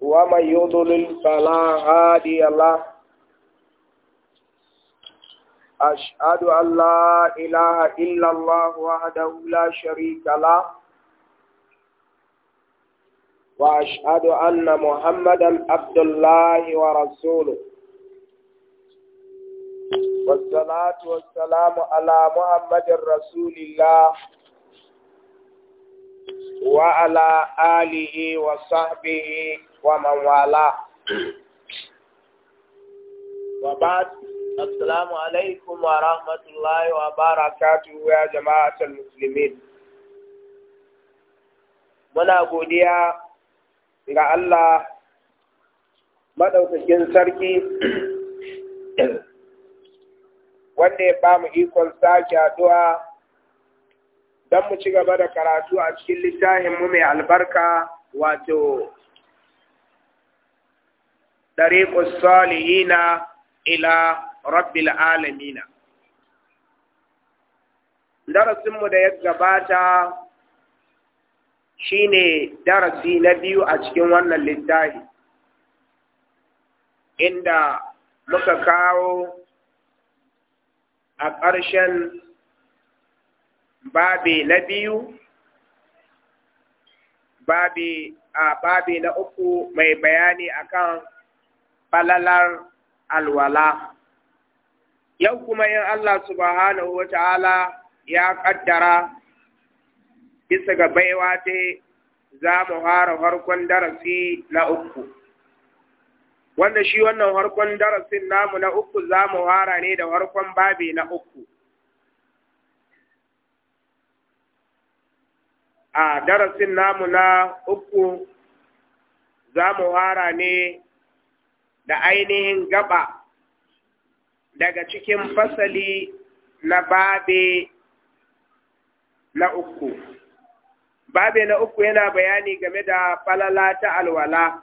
ومن يضلل فلا هادي الله أشهد أن لا إله إلا الله وحده لا شريك له وأشهد أن محمدا عبد الله ورسوله والصلاة والسلام على محمد رسول الله وعلى آله وصحبه ومن والاه وبعد السلام عليكم ورحمة الله وبركاته يا جماعة المسلمين muna godiya ga Allah maɗaukakin sarki wanda ya ba mu ikon sake addu'a don mu ci gaba da karatu a cikin littafinmu mai albarka wato yi na ila rabbil alamina. Darasinmu da ya gabata shine darasi na biyu a cikin wannan littafi, inda muka kawo a ƙarshen babi na biyu, babi a babi na uku mai bayani akan falalar alwala. Yau kuma yin Allah subhanahu wa ta'ala ya ƙaddara bisa ga baiwa ta za mu fara farkon darasi na uku. Wanda shi wannan farkon darasin namu na uku za mu fara ne da farkon babi na uku. A darasin namu na uku za mu fara ne da ainihin gaba daga cikin fasali na babe na uku. Babe na uku yana bayani game da falala ta alwala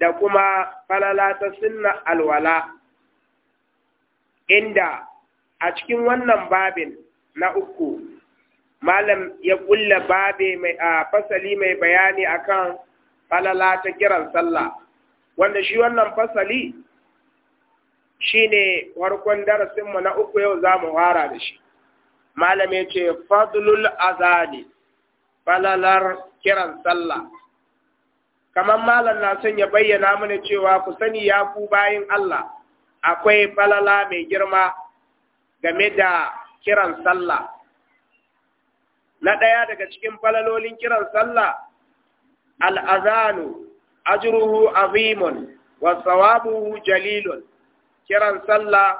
da kuma falala ta sunna alwala, inda a cikin wannan babin na uku, Malam ya ƙulla babe mai a fasali mai bayani akan falala ta kiran sallah wanda shi wannan fasali Shi ne farkon darasinmu na uku yau za mu fara da shi malam ya ce fadlul azani falalar kiran sallah kamar malam na son ya bayyana mana cewa ku sani ya ku bayin Allah akwai falala mai girma game da kiran sallah na ɗaya daga cikin falalolin kiran sallah al'azanu ajruhu azimun wa thawabuhu jalilun kiran sallah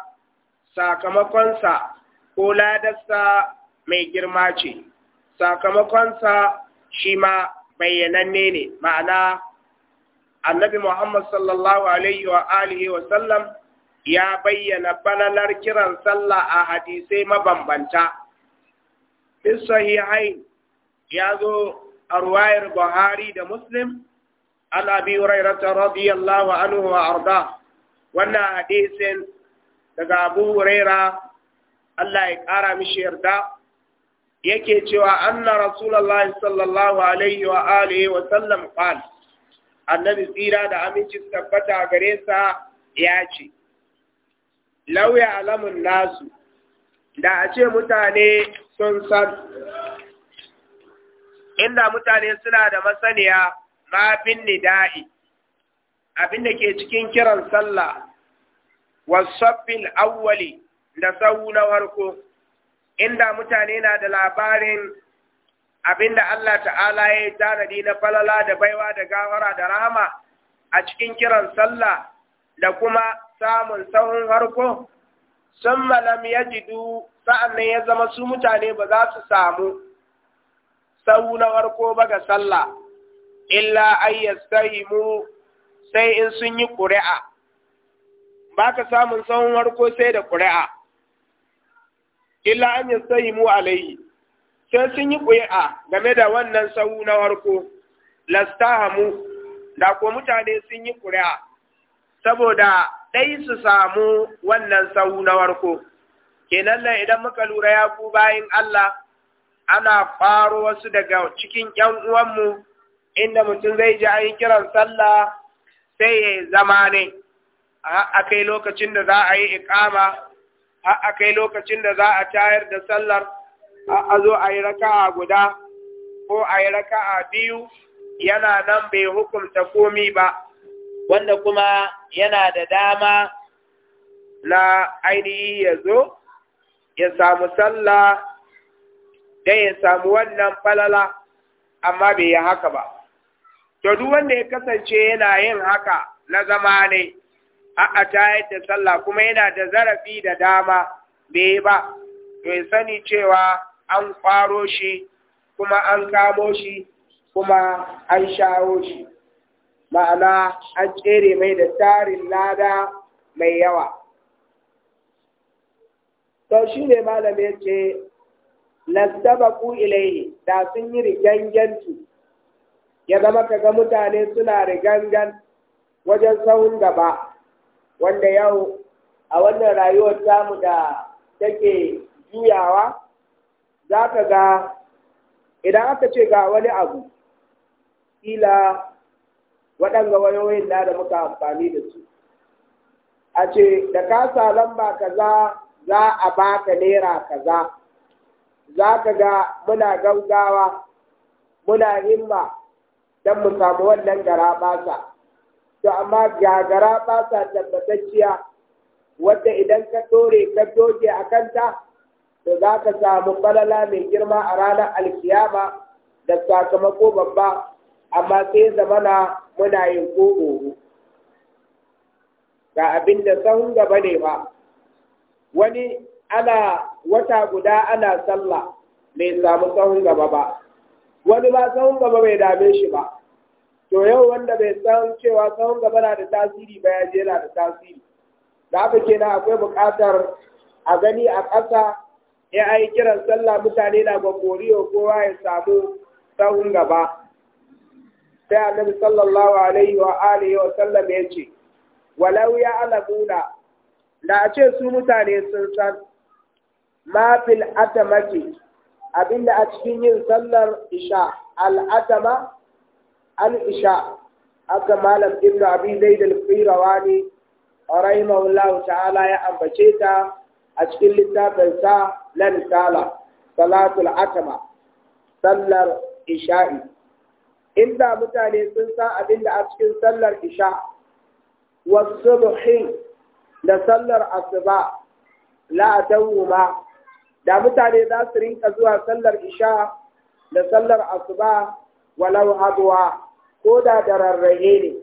sakamakonsa ko ladarsa mai girma ce sakamakonsa shi ma bayyananne ne ma'ana annabi Muhammad sallallahu alaihi wa alihi wa sallam ya bayyana bananar kiran sallah a hadisai mabambanta. Fi sahihain ya zo a ruwayar Buhari da Muslim, an abi Hurairata radiyallahu anhu wa arda, wannan hadisin daga Abu Huraira Allah ya ƙara mishi yarda, yake cewa anna Rasulallah sallallahu alaihi wa wa sallam qal annabi tsira da aminci tabbata gareta sa ya ce, Lauya alamun nasu, da a ce mutane sun san inda mutane suna da masaniya ma bin nida'i abin da ke cikin kiran sallah wasabbil awwali da sau na farko, inda mutane na da labarin abin da Allah ta'ala ya yi tanadi na falala da baiwa da gawara da rahama a cikin kiran sallah da kuma samun sahun harko sun malam yajidu sa'an ne ya zama su mutane ba za su samu sau na ba ga sallah illa ayyastahimu sai in sun yi ƙuri'a ba ka samun tsawon warko sai da ƙuri'a illa an yastahimu alayhi sai sun yi ƙuri'a game da wannan tsawo na farko lastahamu da ko mutane sun yi ƙuri'a saboda ɗai su samu wannan tsawo na farko kenan idan muka lura ya ku bayin Allah ana faro wasu daga cikin ‘yan uwanmu inda mutum zai ji an kiran sallah sai ya zama ne, a kai lokacin da za a yi ikama, a kai lokacin da za a tayar da sallar, a zo a yi raka'a guda ko a yi raka'a biyu yana nan bai hukumta komi ba, wanda kuma yana da dama na ainihi ya zo, ya samu sallah dan ya samu wannan falala amma bai yi haka ba to duk wanda ya kasance yana yin haka na zama ne a ta da sallah kuma yana da zarafi da dama bai ba to ya sani cewa an kwaro shi kuma an kamo shi kuma an shawo shi ma'ana an tsere mai da tarin lada mai yawa to shi ne malamin ya ce lastabaqu ilayhi da sun yi riganganci ya zama kaga mutane suna rigangan wajen sahun gaba wanda yau a wannan rayuwar tamu da take juyawa za ka ga idan aka ce ga wani abu kila waɗanga wayoyin na da muka amfani da su a ce da ka sa lamba kaza za a baka naira kaza za ka ga muna gaugawa muna himma don mu samu wannan gara basa to amma ga gara basa tabbatacciya wadda idan ka dore ka doge a kanta to za ka samu falala mai girma a ranar alkiyama da sakamako babba amma sai zamana muna yin ko ga abin da sahun gaba ne ba wani ana wata guda ana sallah bai samu tsawon gaba ba wani ba tsawon gaba bai dame shi ba to yau wanda bai san cewa tsawon gaba na da tasiri ba ya je na da tasiri da haka kenan akwai buƙatar a gani a ƙasa ya ai kiran sallah mutane na gogoriyo kowa ya samu tsawon gaba sai annabi sallallahu alaihi wa alihi wa sallam ya ce walau ya alamuna da a ce su mutane sun san Mafil fil atamati abinda a cikin yin sallar isha al'atama al'isha aka malam ibnu abi zaid al ne. rahimahullahu ta'ala ya ambace ta a cikin littafin sa na risala salatul atama sallar isha'i inda mutane sun sa abinda a cikin sallar isha wasu da sallar asuba la da mutane za su rinka zuwa sallar isha da sallar asuba walau haduwa ko da da rarrahe ne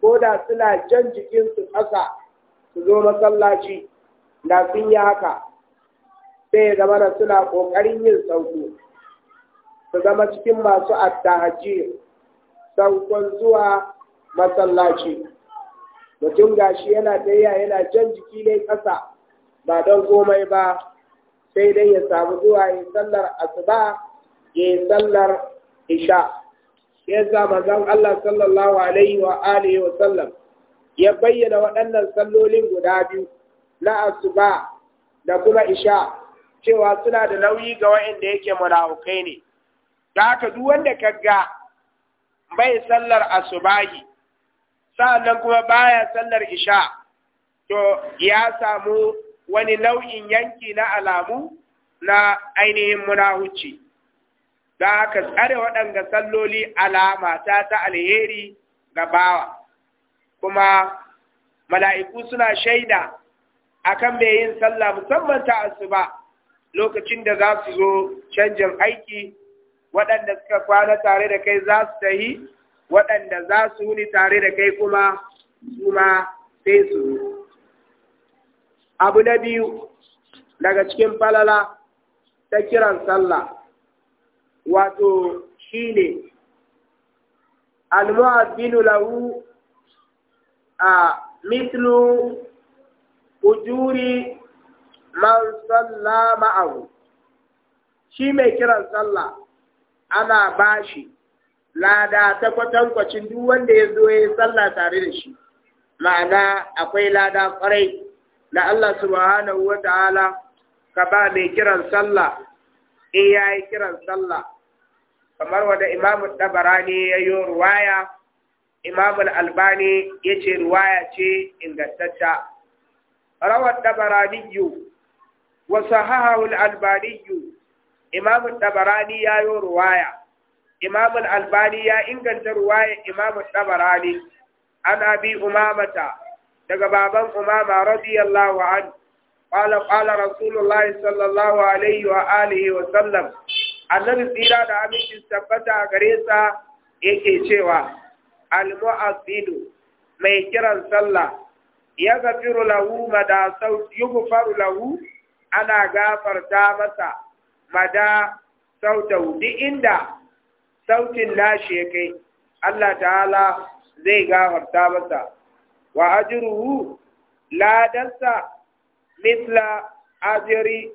ko da suna jan jikinsu ƙasa su zo masallaci da sun yi haka sai zama da suna ƙoƙarin yin sauko su zama cikin masu attahaji saukon zuwa masallaci mutum gashi yana tayya yana jan jiki ne ƙasa ba don komai ba sai dai ya samu zuwa yin sallar asuba ya yi sallar isha ya sa zan Allah sallallahu alaihi wa alihi wa sallam ya bayyana waɗannan sallolin guda biyu na asuba da kuma isha cewa suna da nauyi ga waɗanda yake murahukai ne da haka duk wanda ka ga bai sallar asubahi sa'annan kuma baya sallar isha to ya samu wani nau'in yanki na alamu na ainihin munahuci don haka tsare waɗanda salloli alama ta ta alheri ga bawa kuma mala'iku suna shaida akan bai yin sallah musamman ta asuba lokacin da za su zo canjin aiki waɗanda suka kwana tare da kai za su tahi waɗanda za su wuni tare da kai kuma su ma sai su abu na biyu daga cikin falala ta kiran sallah wato shi ne muadhdhinu lahu a Mitlu ujuri man salla ma'ahu shi mai kiran sallah ana bashi lada ta kwatankwacin duk wanda ya zo ya sallah tare da shi ma'ana akwai lada kwarai da Allah subhanahu wa ta'ala ka ba mai kiran sallah in ya yi kiran sallah kamar wanda imamu tabarani ya yi ruwaya imamu albani ya ce ruwaya ce ingantacca rawar tabarani yu wasu hahawul albani yu imamu tabarani ya yi ruwaya imamu albani ya inganta ruwaya imamu tabarani an abi umamata daga baban umama radiyallahu anhu qala qala rasulullah sallallahu alaihi wa alihi wa sallam annabi tsira da aminci tabbata a gare sa yake cewa al mai kiran sallah ya gafiru lahu mada yughfaru lahu ana gafarta masa mada sautau duk inda sautin nashi ya kai Allah ta'ala zai gafarta masa wa ajruhu ladarsa misla ajri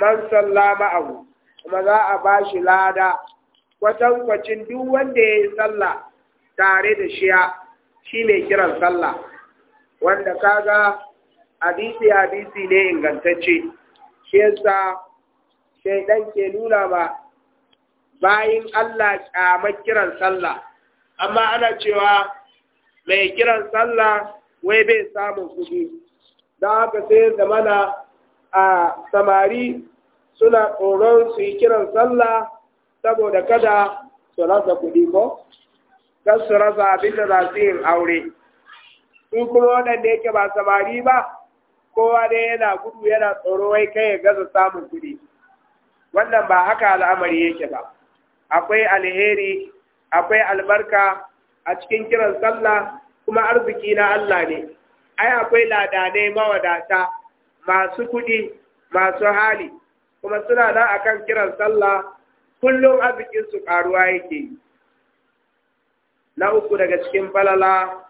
man sallama abu kuma za a ba shi lada kwatankwacin duk wanda ya yi sallah tare da shiya shi ne kiran sallah wanda kaga hadisi abisi ne ingantacce shi yasa dan ke nuna ba bayan Allah kyamar kiran sallah amma ana cewa mai kiran sallah wai bai samun kuɗi da haka sai zamana a samari suna tsoron su yi kiran sallah saboda kada su rasa kuɗi ko kan su rasa abin da za su yin aure in kuma waɗanda yake ba samari ba kowa dai yana gudu yana tsoro wai kai ya gaza samun kuɗi wannan ba haka al'amari yake ba akwai alheri akwai albarka a cikin kiran sallah kuma arziki na Allah ne ai akwai ladanai mawadata masu kuɗi masu hali kuma suna nan akan kiran sallah kullum arzikinsu su karuwa yake na uku daga cikin falala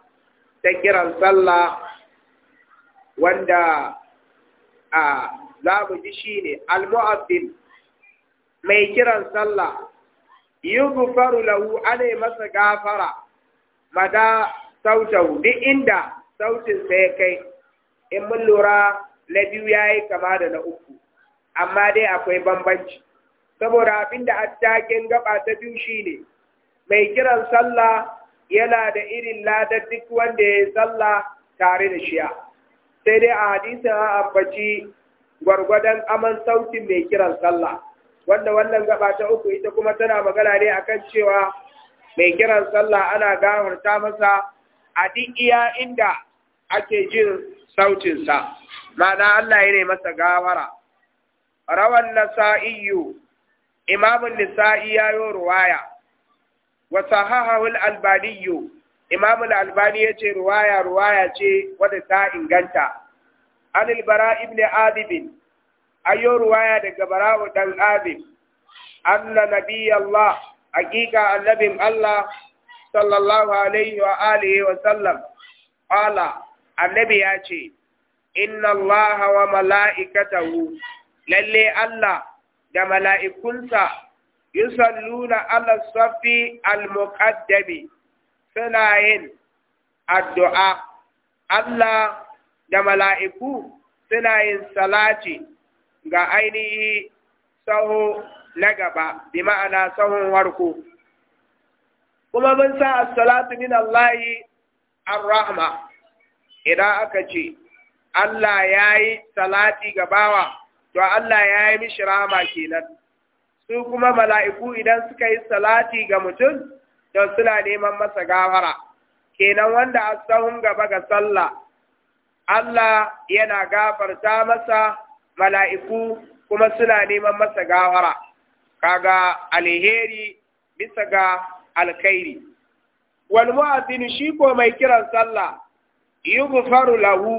ta kiran sallah wanda a za mu ji shine al mai kiran sallah yughfaru lahu ana masa gafara mada sautahu duk inda sautinsa ya kai in mun lura na biyu ya yi kama da na uku amma dai akwai bambanci saboda abin da attakin gaba ta biyu shine mai kiran sallah yana da irin ladar duk wanda ya yi sallah tare da shiya sai dai a hadisin an ambaci gwargwadon aman sautin mai kiran sallah wanda wannan gaba ta uku ita kuma tana magana ne akan cewa mai kiran sallah ana gafarta masa a duk iya inda ake jin sautinsa ma'ana Allah ya ne masa gawara rawan nasa'iyu imamun nisa'i ya yi ruwaya wa sahahahu al-albaniyu imamu al-albani yace ruwaya ruwaya ce wadda ta inganta an bara ibn adib ayo ruwaya daga bara'u dan adib anna nabiyallah hakika annabin Allah sallallahu alaihi wa alihi wa sallam ala annabi ya ce inna allaha wa mala'ikatahu lalle Allah da mala'ikunsa yusalluna ala safi al-muqaddami suna yin addu'a Allah da mala'iku suna yin salati ga ainihi saho na gaba bi ma'ana sahun warko kuma mun sa assalatu min Allahi ar-rahma idan aka ce Allah ya yi salati ga bawa to Allah ya yi mishi rahma kenan su kuma mala'iku idan suka yi salati ga mutum to suna neman masa gawara kenan wanda asahun gaba ga sallah Allah yana gafarta masa mala'iku kuma suna neman masa gawara kaga alheri bisa ga alkhairi wal mu'adhdhin shi ko mai kiran sallah yughfaru lahu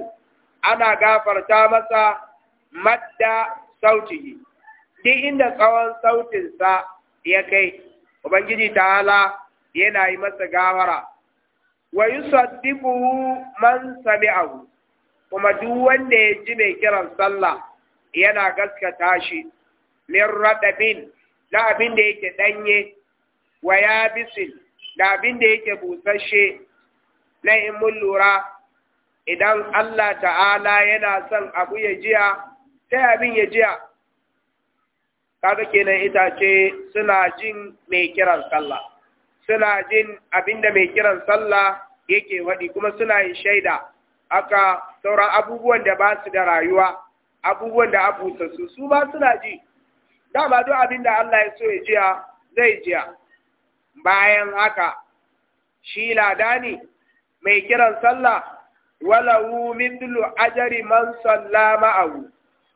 ana gafarta masa madda sautihi duk inda tsawon sautin sa ya kai ubangiji ta'ala yana yi masa gawara wa yusaddiquhu man sami'ahu kuma duk wanda ya ji mai kiran sallah yana gaskata shi min radabin na abin da yake danye wa yabisin da abin da yake busasshe na in mun lura idan Allah ta'ala yana son abu ya jiya sai abin ya jiya kaga kenan itace suna jin mai kiran sallah suna jin abin da mai kiran sallah yake waɗi kuma suna yin shaida aka sauran abubuwan da ba su da rayuwa abubuwan da abu su su ma suna ji dama duk abin da Allah ya so ya jiya zai jiya bayan haka shi lada ne mai kiran sallah walahu mithlu ajri man ma ma'ahu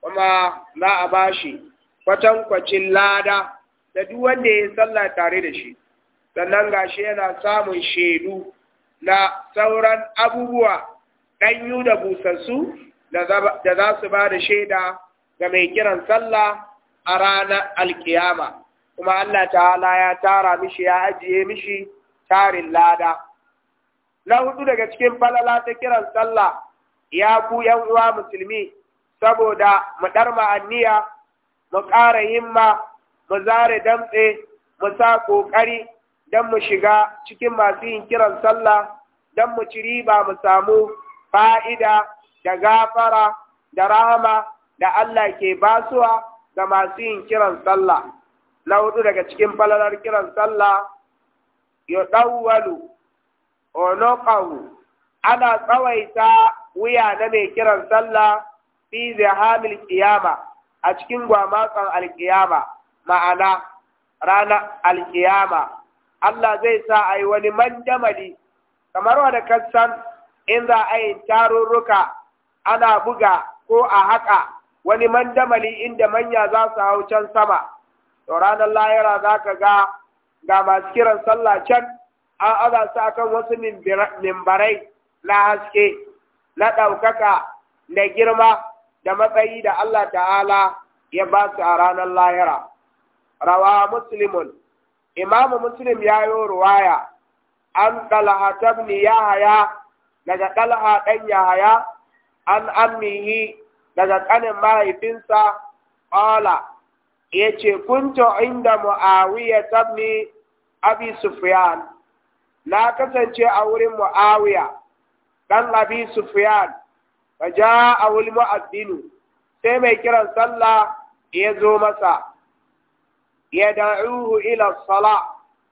kuma za a bashi kwatankwacin lada da duk wanda ya sallah tare da shi sannan gashi yana samun shaidu na sauran abubuwa ɗanyu da busassu da za su ba da shaida ga mai kiran sallah a ranar alkiyama kuma Allah ta'ala ya tara mishi ya ajiye mishi tarin lada na hudu daga cikin falala ta kiran sallah ya ku yan uwa musulmi saboda mu ɗar ma'anniya mu ƙara himma mu zare damtse mu sa ƙoƙari don mu shiga cikin masu yin kiran sallah don mu ci riba mu samu fa'ida da gafara da rahama da Allah ke basuwa ga masu yin kiran sallah na daga cikin falalar kiran sallah ya ɗauwalu onokahu ana tsawaita wuya na mai kiran sallah fi Zahamil kiyama a cikin gwamatsan alkiyama ma'ana ranar alkiyama Allah zai sa a yi wani manjamali kamar wanda kasan in za a yi tarurruka ana buga ko a haƙa wani mandamali inda manya za su hau can sama to ranar lahira za ka ga ga masu kiran sallah can an aza su akan wasu mimbarai na haske na ɗaukaka da girma da matsayi da Allah ta'ala ya ba su a ranar lahira. Rawa Muslimun, Imamu Muslim ya yi ruwaya, an ɗalha tabni ya haya daga ɗalha ɗan ya haya, an amnihi daga ƙanin mahaifinsa, Ola. Ya yace kuntu inda muawiya ibn abi sufyan na kasance a wurin muawiya dan abi sufyan fa jaa wal mu'addin sai mai kiran sallah ya zo masa ya da'uhu ila sala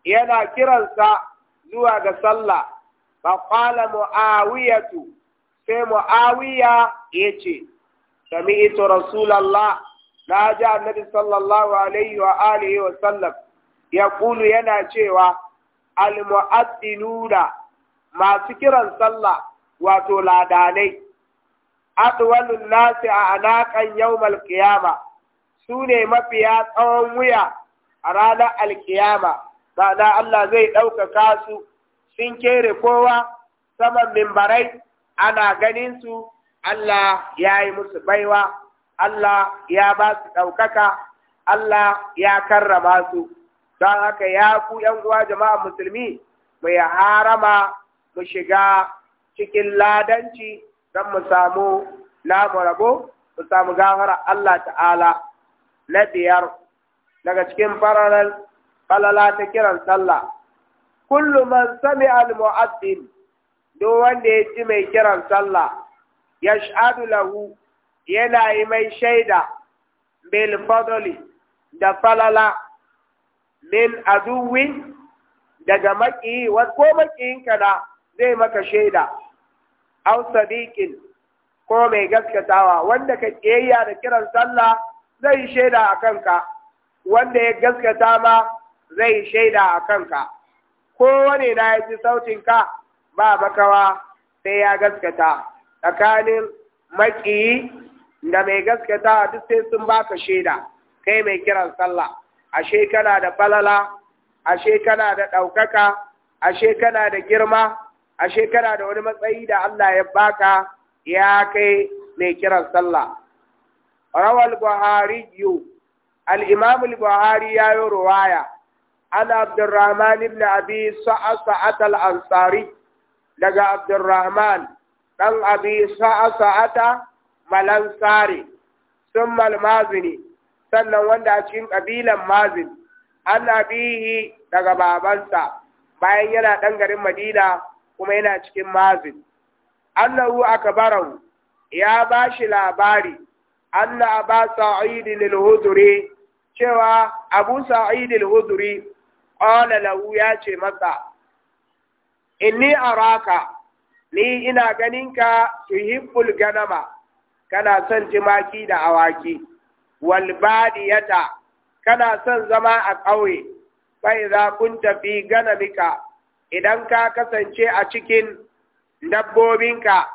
yana sa zuwa ga sallah fa qala muawiyatu sai muawiya yace sami'tu rasulallah na ji annabi sallallahu alaihi wa alihi wa sallam ya kulu yana cewa almu'adhdinuna masu kiran sallah wato ladanai adwalun nasi a anakan yawmal qiyama sune mafiya tsawon wuya a ranar alkiyama ma'ana Allah zai ɗaukaka su sun kere kowa saman mimbarai ana ganin su Allah ya yi musu baiwa Allah ya ba su ɗaukaka, Allah ya karrama su, don haka ya ku ‘yan uwa jama'a musulmi, mu ya harama mu shiga cikin ladanci don mu samu namu rabo, mu samu gafara Allah ta'ala na biyar daga cikin fararen falala ta kiran sallah. Kullu man sami al-mu'addin, duk wanda ya ci mai kiran sallah, ya lahu yana yi mai shaida bil fadli da falala min aduwi daga maƙiyi ko maƙiyinka na zai maka shaida au sadiqin ko mai gaskatawa wanda ka kiyayya da kiran sallah zai shaida a kanka wanda ya gaskata ma zai yi shaida a kanka kowane na ya ji sautinka ba makawa sai ya gaskata tsakanin maƙiyi. da mai gaskata duk sai sun baka shaida kai mai kiran sallah ashe kana da falala ashe kana da ɗaukaka ashe kana da girma ashe kana da wani matsayi da Allah ya baka ya kai mai kiran sallah rawal buhari yu al-imam al-buhari ya yi ruwaya an abdurrahman ibn abi sa'at al-ansari daga abdurrahman dan abi sa'at malansari sun malmazini sannan wanda a cikin ƙabilan mazin an abihi daga babansa bayan yana ɗan garin madina kuma yana cikin mazin annahu akbarahu ya ba shi labari anna aba sa'id al-hudri cewa abu sa'idin al-hudri qala lahu ya ce masa inni araka ni ina ganinka tuhibbul ganama kana son jimaki da awaki wal badiyata kana son zama a ƙauye fa kun tafi fi mika idan ka kasance a cikin dabbobinka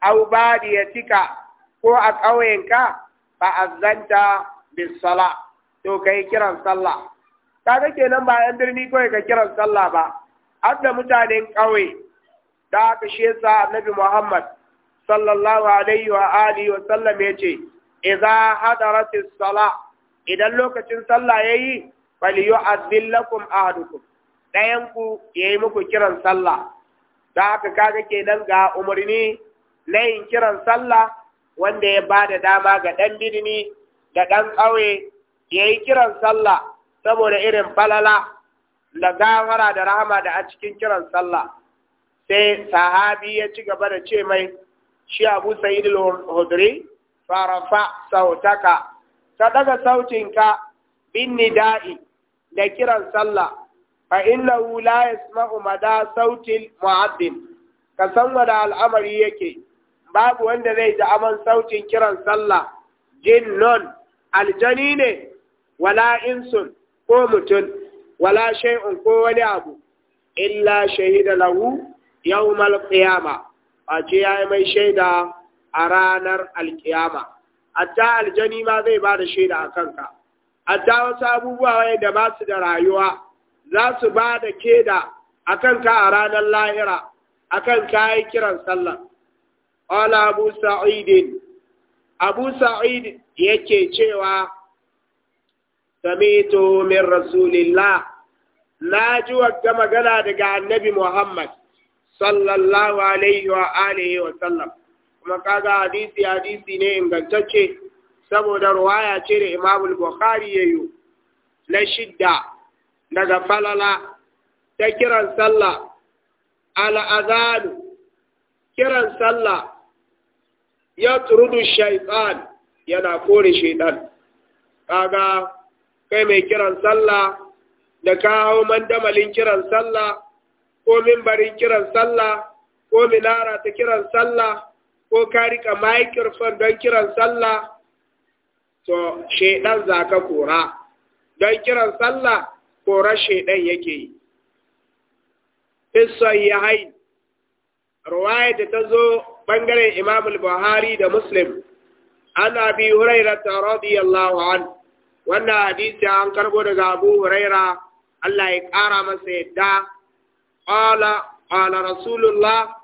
aw badiyatika ko a ƙauyenka fa azanta bis sala to kai kiran sallah kaga kenan ba yan birni kawai ka kiran sallah ba har da mutanen ƙauye da ka shi yasa annabi Muhammad sallallahu alaihi wa alihi wa sallam yace idza sala idan lokacin sallah yayi falyu'adhdhil lakum ahadukum dayan ku yayi muku kiran sallah da haka kaga kenan ga umarni na yin kiran sallah wanda ya bada dama ga ɗan birni da dan ƙauye yayi kiran sallah saboda irin falala da gawara da rahama da a cikin kiran sallah sai sahabi ya ci gaba da ce mai shi abu sa'id al-hudri farafa sautaka ka daga sautinka bin nida'i da kiran sallah fa innahu la yasma'u mada sautil mu'addin ka san wada al'amari yake babu wanda zai ji aman sautin kiran sallah jinnun aljani ne wala insun ko mutum wala shay'un ko wani abu illa shahida lahu yawmal qiyamah face ya yi mai shaida a ranar alkiyama hatta aljani ma zai ba da shaida a kanka hatta wasu abubuwa da ba su da rayuwa za su ba da keda a kanka a ranar lahira a kan kayi kiran sallah Ola Abu Sa'idin Abu Sa'id yake cewa Samitu min Rasulillah na ji wagga magana daga annabi Muhammad sallallahu alaihi wa alihi wa sallam kuma kaga hadisi hadisi ne ingantacce saboda ruwaya ce da Imam al Bukhari yayi na shidda daga falala ta kiran sallah al kiran sallah ya turudu shaytan yana kore shaytan kaga kai mai kiran sallah da kawo mandamalin kiran sallah ko mimbarin kiran sallah ko minara ta kiran sallah ko ka rika microphone don kiran sallah to shaidan za ka kora don kiran sallah kora shaidan yake yi isa ya hain ruwaya ta zo bangaren imam buhari da muslim ana bi huraira ta radiyallahu an wannan hadisi an karbo daga abu huraira allah ya ƙara masa yadda qala qala rasulullah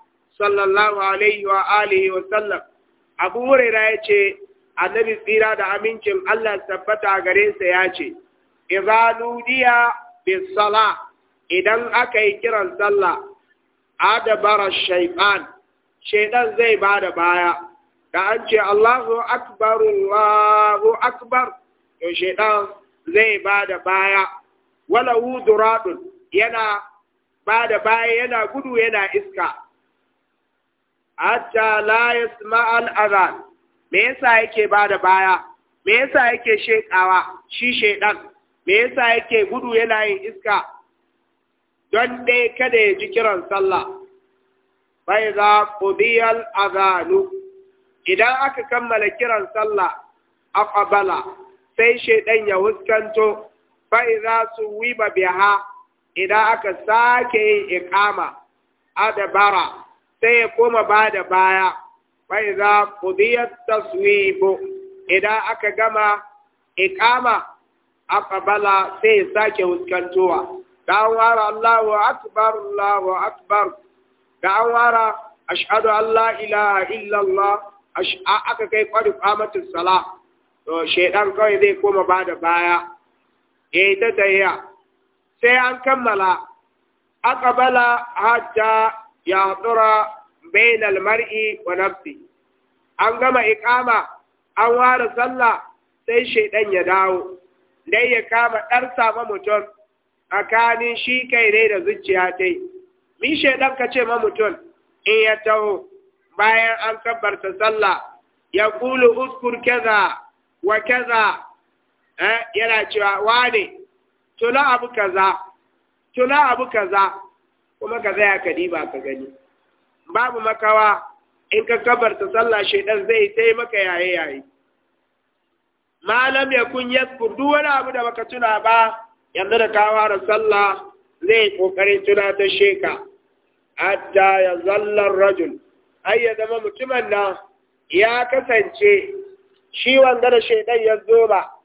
sallallahu alaihi wa wa sallam abu huraira yace annabi tsira da amincin Allah tabbata gare sa yace idza nudiya bis sala idan aka yi kiran sallah adabara shaytan shaytan zai bada baya da an ce Allahu akbar Allahu akbar to shaytan zai bada baya wala duradun yana ba da baya yana gudu yana iska hatta la al azan me yasa yake ba da baya me yasa yake shekawa shi shedan me yasa yake gudu yana yin iska don dai kada ya ji kiran sallah bai za qudiyal azanu idan aka kammala kiran sallah aqbala sai shedan ya huskanto bai za su wiba biha idan aka sake yin iqama dabara sai ya koma ba da baya bai za ku biya taswibu idan aka gama a aqbala sai ya sake huskantowa da an wara Allahu akbar Allahu akbar da an wara ashhadu Allah la ilaha illallah aka kai kwari qamatus Sala. to shaidan kawai zai koma ba da baya yi ta tayya sai an kammala aqbala hajja ya tsura bainal mar'i wa nafsi an gama ikama an ware sallah sai shaidan ya dawo dai ya kama ɗan sama mutum tsakanin shi kai ne da zuciya ta yi mi shaidan ka ce ma mutum in ya taho bayan an kabbarta sallah ya kulu uskur kaza wa kaza eh, yana cewa wane Tuna abu kaza tula abu kaza kuma ka zaya ka diba ka gani babu makawa in ka kabarta sallah shaidan zai tai maka yaye yaye malam ya kun yaskur wani abu da baka tuna ba yanzu da ka fara sallah zai kokarin tuna ta sheka hatta ya zallar rajul ai ya zama mutumin nan ya kasance shi wanda da shaidan ya zo ba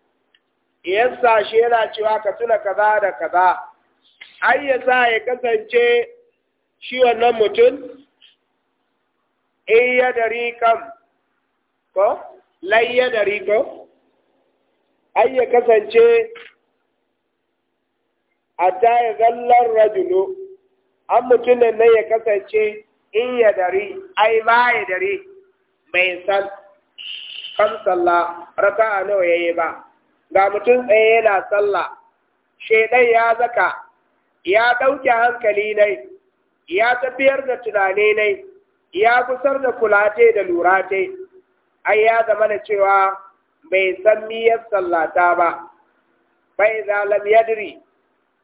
yasa shi yana cewa ka tuna kaza da kaza ai ya sa ya kasance shi wannan mutum in eh, ya dari kam ko lai ya dari ko ai ya kasance a ta yi zallar rajulu an mutum nan ya kasance in ya dari ai ma ya dari mai san kamsalla raka'a nawa yi ba ga mutum tsaye yana sallah shaidan ya zaka ya ɗauke hankali nai ya tafiyar da tunani nai ya kusar da kulate da lurate ai ya zama da cewa bai san miyar sallata ba bai zalam yadri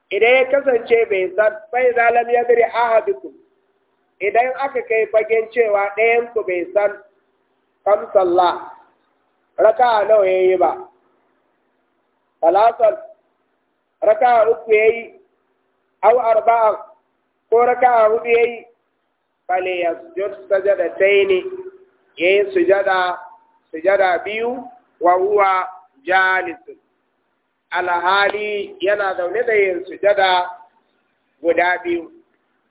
idan ya kasance bai san bai zalam yadri ahadukum idan aka kai fagen cewa ɗayan ku bai san kam sallah raka nawa yayi ba salasan raka'a uku yayi aw arba'a ko raka'a hudu yayi fale yasjud sajadataini ya sujada sujada biyu wa huwa jalisun alhali yana zaune da yin sujada guda biyu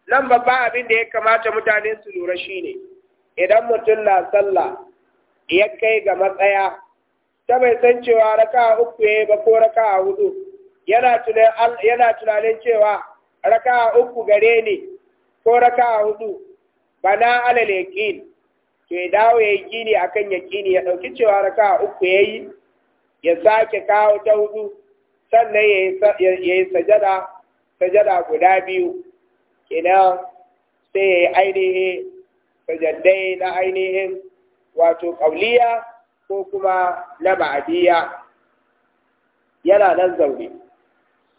nan babba abin da ya kamata mutane su lura shine idan mutum na sallah ya kai ga matsaya ta bai san cewa raka uku ya ba ko raka hudu yana tunanin cewa raka uku gare ne ko raka hudu bana alal yaqin to ya dawo ya gini akan yaqini ya dauki cewa raka uku ya yi ya sake kawo ta hudu sannan ya yi sajada guda biyu kenan sai ya yi ainihin sajadai na ainihin wato ƙauliya ko kuma na ba'adiyya yana nan zaune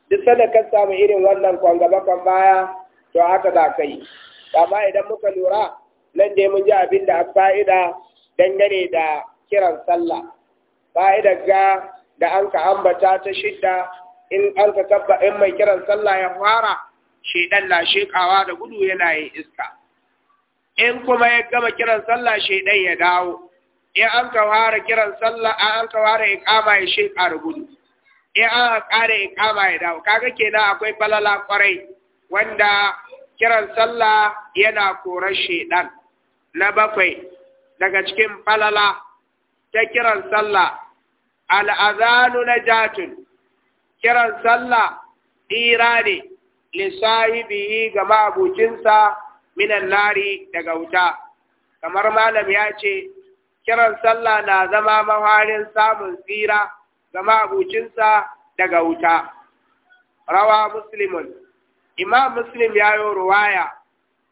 duk sanda kan samu irin wannan kwangaba kan baya to haka za ka yi amma idan muka lura nan dai mun ji abin da fa'ida dangane da kiran sallah fa'ida ga da an ka ambata ta shidda in an ka tabba in mai kiran sallah ya fara ɗan na shekawa da gudu yana yin iska in kuma ya gama kiran sallah shi ɗan ya dawo in an ka fara kiran sallah an ka fara iqama ya shi ƙara gudu in an ƙara iqama ya dawo kaga kenan akwai falala kwarai wanda kiran sallah yana korar shedan na bakwai daga cikin falala ta kiran sallah al'azanu na jatun kiran sallah tsira ne lissahibihi ga ma'abucinsa minan nari daga wuta kamar malam ya ce kiran sallah na zama mafarin samun tsira ga ma'abucinsa daga wuta. Rawa Muslimun Imam Muslim ya yi ruwaya,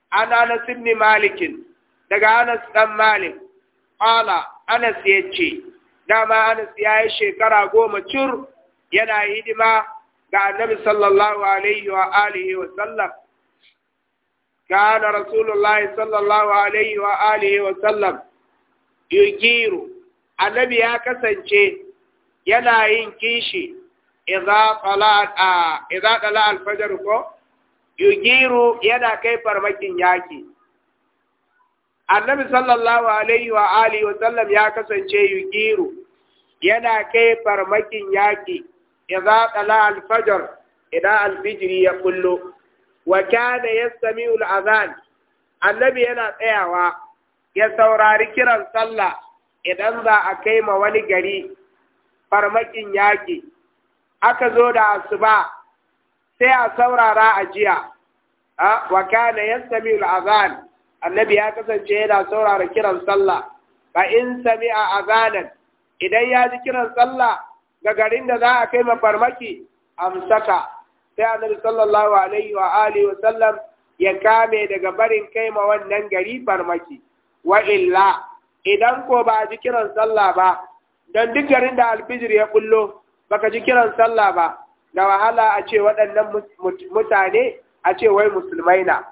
ana na ibn Malikin, daga Anas ɗan Malik, Ƙwala Anas ya ce, dama Anas ya yi shekara goma cur yana hidima ga annabi sallallahu alaihi wa alihi wa sallam. كان رسول sallallahu alaihi wa alihi wa sallam. yugiru annabi ya kasance yana yin kishi idza tala idza al-fajr ko yugiru yana kai farmakin yaki annabi sallallahu alaihi wa alihi wa sallam ya kasance yugiru yana kai farmakin yaki idza tala al-fajr idan alfijiri ya kullu wa kana yastami'u al-adhan annabi yana tsayawa ya saurari kiran sallah idan za a kai ma wani gari farmakin yaƙi aka zo da asuba sai a saurara a jiya wa kana al-azan annabi ya kasance yana saurara kiran sallah ba in a azanan idan ya ji kiran sallah ga garin da za a kai ma farmaki amsaka sai annabi sallallahu alaihi wa alihi wa sallam ya kame daga barin kai ma wannan gari farmaki wa idan ko ba ji kiran sallah ba don duk garin da alfijir ya kullo baka ji kiran sallah ba da wahala a ce waɗannan mutane a ce wai musulmai na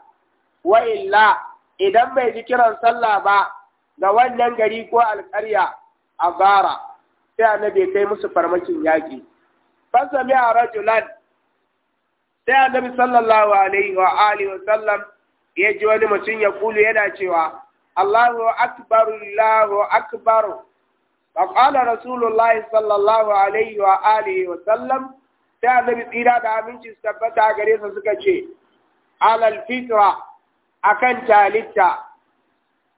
wa illa idan bai ji kiran sallah ba ga wannan gari ko alƙarya a bara sai annabi kai musu farmakin yaƙi fasami a rajulan sai annabi sallallahu alaihi wa alihi wa sallam ya ji wani mutum ya kulu yana cewa الله أكبر الله أكبر فقال رسول الله صلى الله عليه وآله وسلم ta annabi tsira da su tabbata a gare sa suka ce alal fitra akan talitta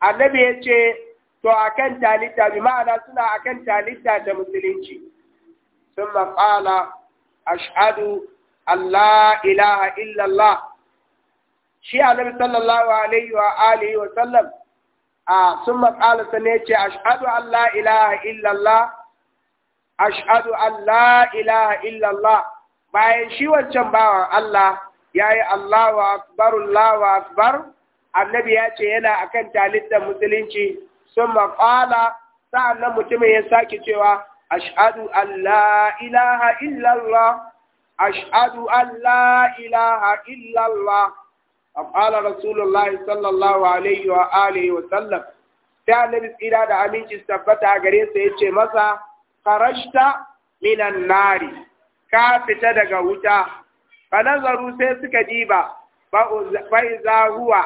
annabi ya ce to akan talitta bi ma'ana suna akan talitta ta musulunci sun maƙala ashadu Allah ilaha illallah shi annabi sallallahu alaihi wa sallam a sun maƙala ta ne ce ashadu Allah ilaha illallah illallah bayan shi can bawan Allah ya yi Allahu akbar Allahu annabi ya ce yana akan talittar musulunci sun maƙala sa'annan mutumin ya sake cewa ashadu Allah ilaha illallah ashadu Allah ilaha illallah Ab'ala rasulullahi sallallahu alaihi wa alihi wa sallam sai annabi tsira da aminci tabbata gare sa yace masa kharajta minan nari ka fita daga wuta fa nazaru sai suka diba fa iza huwa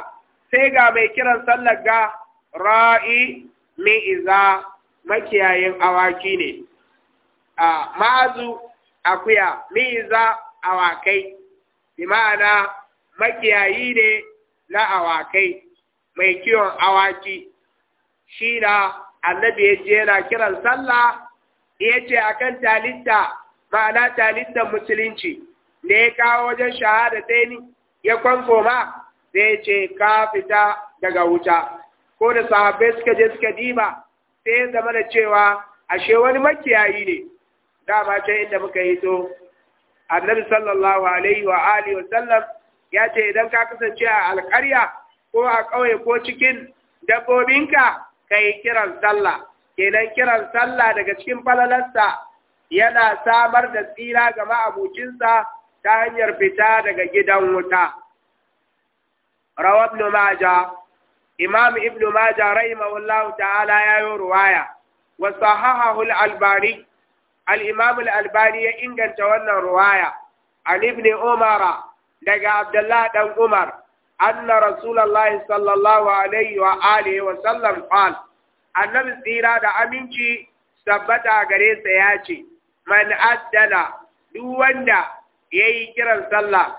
sai ga mai kiran sallar ga ra'i mi iza makiyayin awaki ne a ma'azu akuya mi iza awakai bi ma'ana makiyayi ne na awakai mai kiwon awaki shi na annabi ya je yana kiran sallah ya ce a kan talinta ma'ana talintan musulunci da ya kawo wajen shahada ta ni ya kwanko ma da ya ce ka fita daga wuta ko da sahabbai suka je suka dima? sai ya zama da cewa ashe wani makiyayi ne dama can inda muka yi to annabi sallallahu alaihi wa alihi wa sallam ya ce idan ka kasance a alƙarya ko a ƙauye ko cikin dabbobinka ka yi kiran sallah kenan kiran sallah daga cikin falalarsa yana samar da tsira ga ma'abucinsa ta hanyar fita daga gidan wuta rawab ibn maja imam ibn maja rahimahullahu ta'ala ya yi ruwaya wa sahahahu al-albani al ya inganta wannan ruwaya an ibn umara daga Abdullahi dan Umar anna Rasulullahi sallallahu alaihi wa alihi wa sallam annabi tsira da aminci sabbata gare sa ya ce man addana duk wanda yayi kiran sallah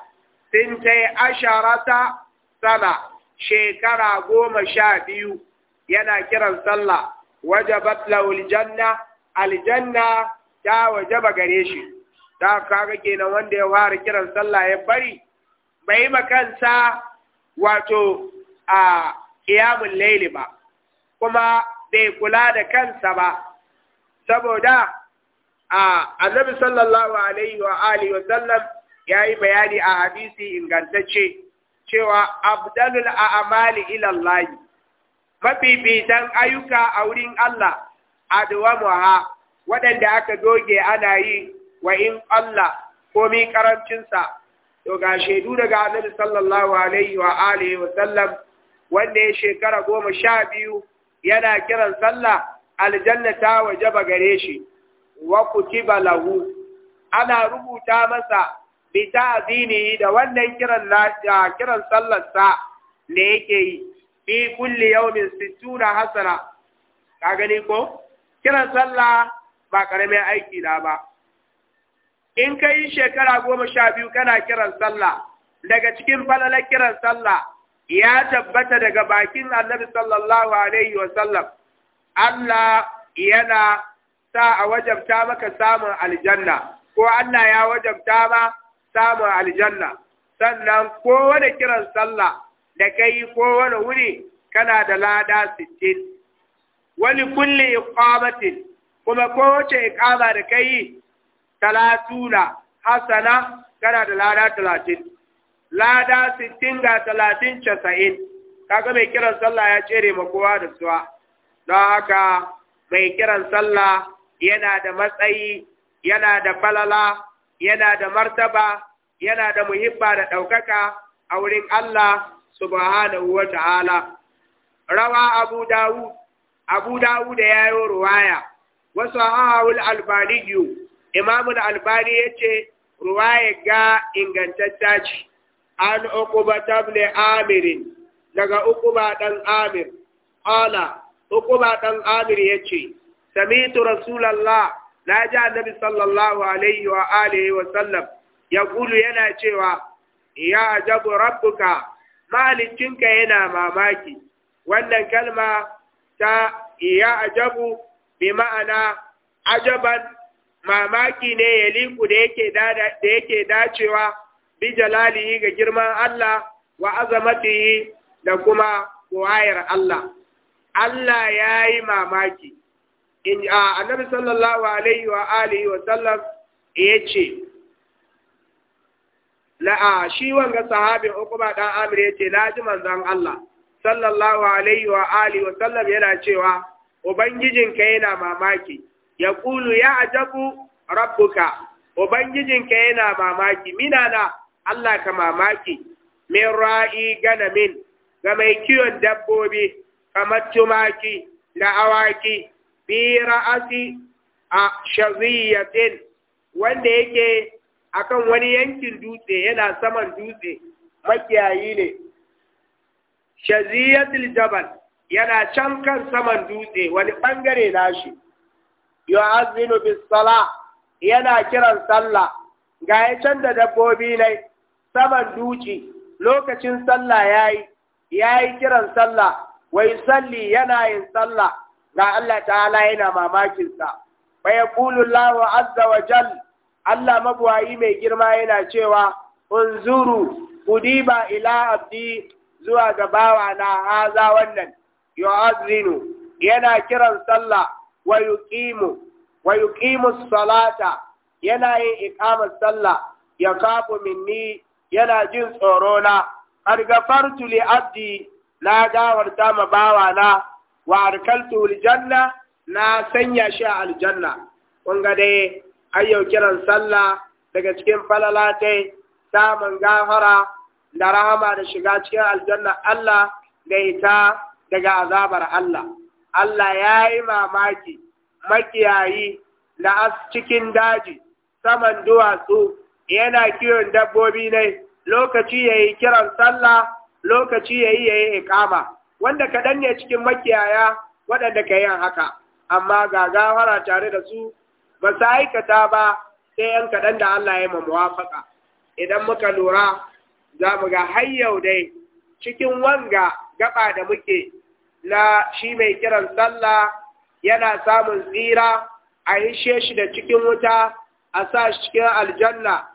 sintai asharata sana shekara goma sha biyu yana kiran sallah wajabat lahul janna aljanna ta wajaba gare shi da kaga kenan wanda ya fara kiran sallah ya bari bai ma kansa wato a ƙiyamun laili ba kuma bai kula da kansa ba saboda a annabi sallallahu alaihi wa alihi wa ya yi bayani a hadisi ingantacce cewa abdalul a'amali ila Allah mafifitan ayyuka a wurin Allah adwamuha waɗanda aka doge ana yi wa in Allah komi karancinsa to ga shaidu daga annabi sallallahu alaihi wa alihi wa sallam wanda ya shekara goma sha biyu yana kiran sallah aljannata ta wajaba gare shi wa kutiba lahu ana rubuta masa bi ta'zini da wannan kiran da kiran sallar sa ne yake yi bi kulli yawmin sittuna hasana ka gani ko kiran sallah ba karamin aiki na ba in ka yi shekara goma sha biyu kana kiran sallah daga cikin falalar kiran sallah ya tabbata daga bakin annabi sallallahu alaihi wa sallam Allah yana sa a wajabta maka samun aljanna ko Allah ya wajabta ma samun aljanna sannan kowane kiran sallah da kai kowane wuri kana da lada sittin wani kulle iqamatin kuma kowace iqama da kai talatuna hasana kana da lada talatin lada sittin ga talatin casa'in kaga mai kiran sallah ya cere ma kowa da suwa don haka mai kiran sallah yana da matsayi yana da falala yana da martaba yana da muhibba da ɗaukaka a wurin Allah subhanahu wa ta'ala rawa abu dawud abu dawud da yayo ruwaya wasu ahawul albaniyu imamul albani ya ce ruwaye ga ingantacca ce an ukuba tabne amirin daga ukuba ɗan amir ƙala ukuba ɗan amir ya ce samitu rasulallah na ji annabi sallallahu alaihi wa alihi wa sallam ya kulu yana cewa ya ajabu rabbuka malicinka yana mamaki wannan kalma ta ya ajabu bi ma'ana ajaban mamaki ne ya liku da yake dacewa bi jalalihi ga girman Allah wa azamatihi da kuma buwayar Allah Allah ya yi mamaki in annabi sallallahu alaihi wa alihi wa sallam ya ce la'a shi wanga sahabin ukuba dan amir ya ce na ji manzan Allah sallallahu alaihi wa alihi wa sallam yana cewa ubangijinka yana mamaki ya kulu ya ajabu rabbuka ka yana mamaki mina na Allah ka mamaki min ra'i ganamin ga mai kiwon dabbobi kamar tumaki da awaki bi ra'asi a shaziyatin wanda yake akan wani yankin dutse yana saman dutse makiyayi ne shaziyatul jabal yana can kan saman dutse wani bangare nashi yu'azzinu bis sala yana kiran sallah ga ya canza dabbobi ne saman duci lokacin sallah yayi yayi kiran sallah wai salli yana yin sallah ga Allah ta'ala yana mamakin sa fa yaqulu Allahu azza wa jal Allah mabuwayi mai girma yana cewa unzuru udiba ila abdi zuwa ga na haza wannan yu'azzinu yana kiran sallah wa yuqimu salata yana yin iƙamar sallah ya kafu minni yana jin tsoro na qad ghafartu li abdi na gawarta ma bawa na wa arkaltu janna na sanya shi a aljanna kun ga dai ayyau kiran sallah daga cikin falalatai samun gafara da rahama da shiga cikin aljanna Allah da ita daga azabar Allah Allah ya yi mamaki makiyayi na cikin daji saman duwatsu yana kiwon dabbobi ne lokaci ya yi kiran sallah lokaci ya yi ya yi ikama wanda kaɗan ne cikin makiyaya waɗanda ka yin haka amma ga gawara tare da su ba su aikata ba sai yan kaɗan da Allah ya mamuwafaka idan muka lura za mu ga har yau dai cikin wanga gaba da muke na shi mai kiran sallah yana samun tsira a hishe shi da cikin wuta a sa shi cikin aljanna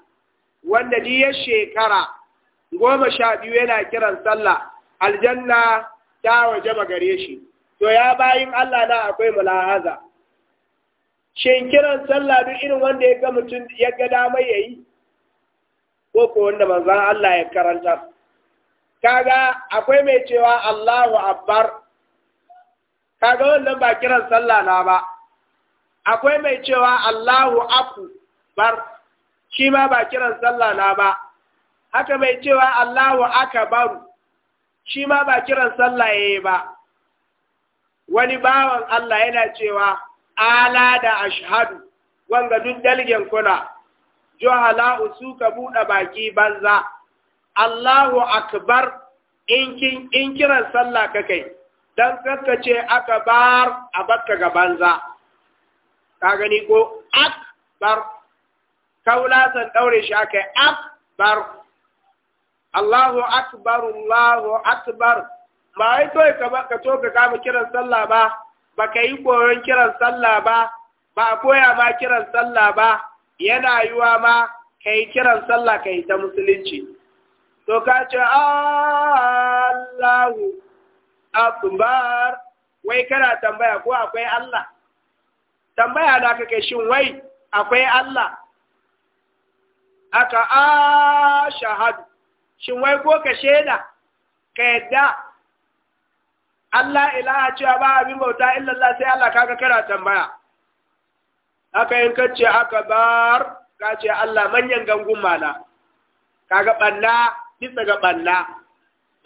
wanda ni ya shekara goma sha biyu yana kiran sallah aljanna ta waje gare shi to ya bayin Allah na akwai mulahaza shin kiran sallah duk irin wanda ya ga mutum ya ga dama yayi ko ko wanda manzon Allah ya karanta kaga akwai mai cewa Allahu akbar kaga wannan ba kiran sallah na ba akwai mai cewa Allahu aku bar shi ma ba kiran sallah na ba haka mai cewa Allahu akbar shi ma ba kiran sallah yayi ba wani bawan Allah yana cewa ala da ashhadu wanga duk dalgen kuna johala usuka buɗe baki banza Allahu akbar in kin in kiran sallah kakai dan kakka ce bar a bakka ga banza ka gani ko akbar kaula san daure shi akai akbar Allahu akbar Allahu akbar ba to ka to ka kama kiran sallah ba ba ka yi koyon kiran sallah ba ba a koya ma kiran sallah ba yana yiwa ma ka yi kiran sallah ka yi ta musulunci to ka ce ah, Allahu akbar wai kana tambaya ko akwai Allah tambaya da kai shin wai akwai Allah aka a shahadu shin wai ko ka sheda ka yadda Allah ilaha cewa ba abin bauta illallah sai Allah kaga kana tambaya aka yin kacce aka bar ka ce Allah manyan gangun mana kaga banna bisa ga banna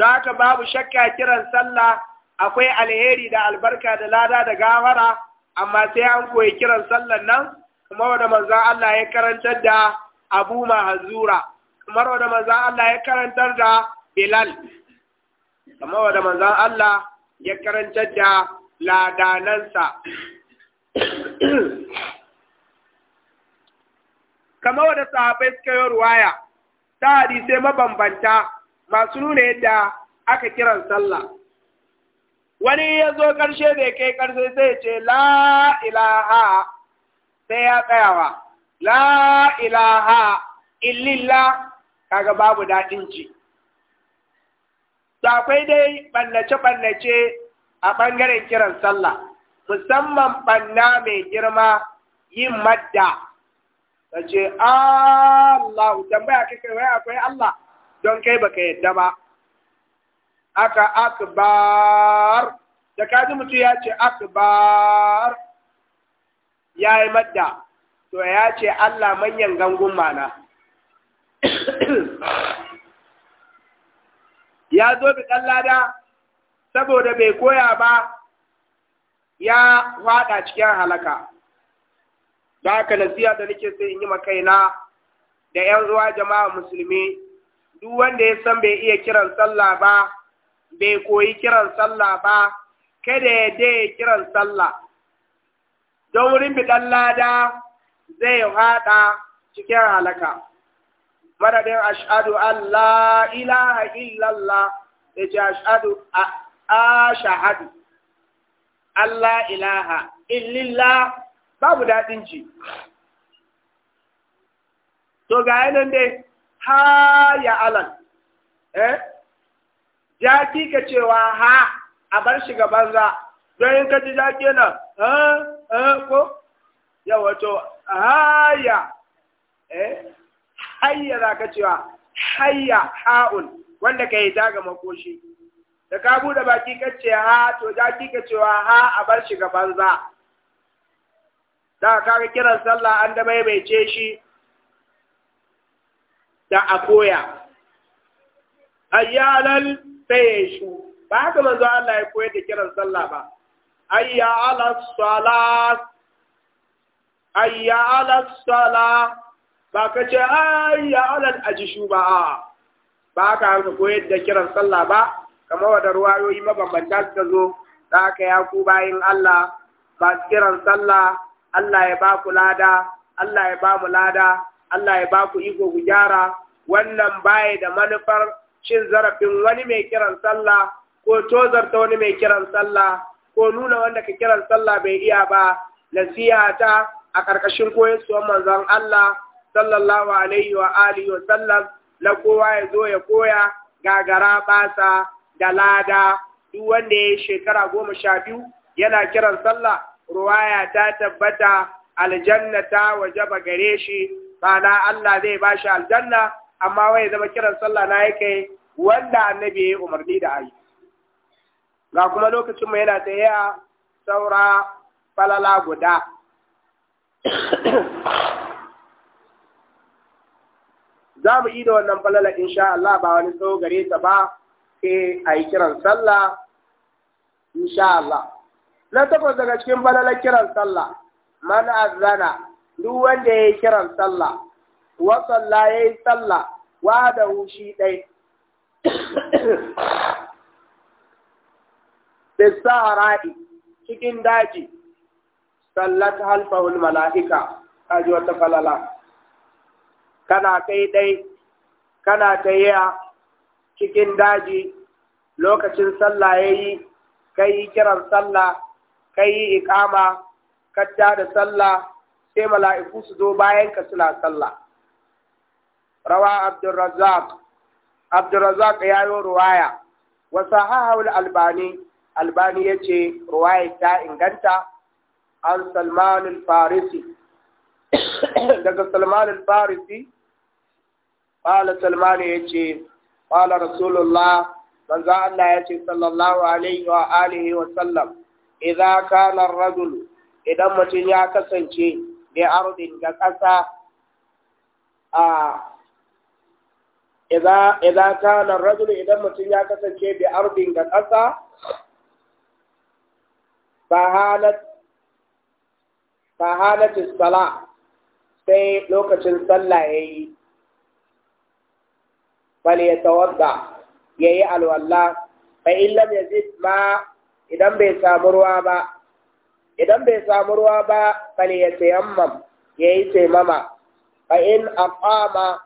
don haka babu shakka kiran sallah akwai alheri da albarka da lada da gafara amma sai an koyi kiran sallan nan kuma wanda manzo Allah ya karantar da Abu Mahzura kamar wanda manzo Allah ya karantar da Bilal kamar wanda manzo Allah ya karantar da ladanansa kamar wanda sahabbai suka yi ruwaya ta hadisi mabambanta masu nuna yadda aka kiran sallah wani ya zo ƙarshe da ya kai ƙarshe sai ce la ilaha sai ya tsayawa la ilaha illilla kaga babu daɗin ji akwai dai ɓallace-ɓallace a ɓangaren kiran sallah musamman ɓanna mai girma yin madda ta ce Allah tambaya kake wai akwai Allah don kai baka yadda ba aka akbar da kaji mutum ya ce akbar ya yi madda to ya ce Allah manyan gangun mana ya zo bi lada saboda bai koya ba ya faɗa cikin halaka da haka nasiya da nake sai in yi makaina da 'yan uwa jama'a musulmi duk wanda ya san bai iya kiran sallah ba bai koyi kiran sallah ba kada ya dai kiran sallah don wurin bidan lada zai haɗa cikin halaka madadin ashadu Allah ilaha illallah da ce ashadu a shahadu Allah ilaha Illillah. babu daɗin ji to ga yanan dai ha ya alan eh ki ka cewa ha a bar shi ga banza don in ka ji jaki yana ha ha ko ya wato ha ya eh hayya za ka cewa hayya ha'un wanda ka yi ta ga makoshi da ka bude baki ka ce ha to ki ka cewa ha a bar shi ga banza da ka kiran sallah an da maimaice shi da a koya ayyalan sai shu ba haka manzo Allah ya koya da kiran sallah ba ayya sala, salat ayya ba ka ce ayya ala ajishu ba ba haka haka koya da kiran sallah ba kamar wadda ruwayoyi mabambanta su ta zo da haka ya ku bayin Allah ba kiran sallah Allah ya ba ku lada Allah ya ba mu lada Allah ya ba ku iko ku gyara wannan baya da manufar cin zarafin wani mai kiran sallah ko tozarta wani mai kiran sallah ko nuna wanda ka kiran sallah bai iya ba nasiha ta a ƙarƙashin koyon koyarwar manzon Allah sallallahu alaihi wa alihi wa sallam na kowa ya zo ya koya gagara basa da lada duk wanda ya shekara goma sha biyu yana kiran sallah ruwaya ta tabbata aljanna ta ba gare shi na Allah zai bashi aljanna amma wai zama kiran sallah na yake wanda annabi ya umarni da ayi ga kuma lokacin mu yana tsaye a saura falala guda za mu ido wannan falala insha Allah ba wani tsawo gare ta ba ke a yi kiran sallah insha Allah na takwas daga cikin falalar kiran sallah man azana duk wanda ya yi kiran sallah wasalla ya yayi salla wa da shi dai bisara'i cikin daji sallat halfahul mala'ika kaji wata falala kana kai dai kana a cikin daji lokacin sallah yayi kai kiran sallah kai ikama katta da sallah sai mala'iku su zo bayan ka suna sallah rawa abdurrazzaq abdurrazzaq ya yi ruwaya wa sahahu albani albani yace ruwaya ta inganta an salman al-farisi daga salman al-farisi qala salman yace qala rasulullah manzo Allah yace sallallahu alaihi wa alihi wa sallam idza kana ar idan mutum ya kasance bi ardin ga ƙasa a Idan idza kana rajul idan mutum ya kasance bi arbin ga ƙasa fahalat fahalat sala sai lokacin sallah ya tawadda ya yi alwalla ba in lam yazid ma idan bai samu ruwa ba idan bai samu ruwa ba bal yatayammam yayi taimama fa in aqama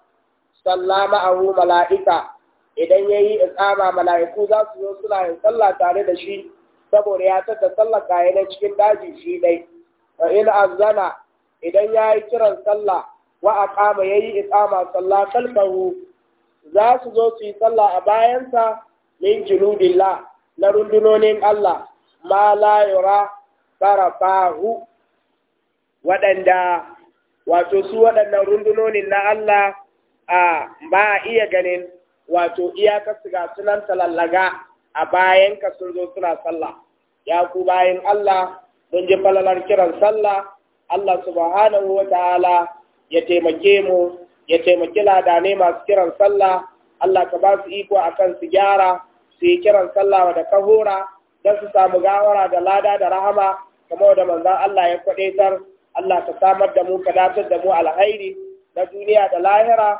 a ma'ahu mala'ika idan ya yi iqama mala'iku za su zo suna yin sallah tare da shi saboda ya tada sallah kaya na cikin daji shi dai wa in azana idan ya yi kiran sallah wa ya yi iqama sallah kalfahu! za su zo su yi sallah a bayansa min junudillah na rundunonin Allah ma la yura tarafahu waɗanda wato su waɗannan rundunonin na Allah a ba a iya ganin wato iyakar ga sunan talallaga a bayan ka sun zo suna sallah ya ku bayan Allah mun ji falalar kiran sallah Allah subhanahu wa ta'ala ya taimake mu ya taimaki ladane masu kiran sallah Allah ka ba su iko a kan su gyara su yi kiran sallah da kahora don su samu gawara da lada da rahama kamar da manzan Allah ya kwadaitar Allah ka samar da mu ka datar da mu alhairi na duniya da lahira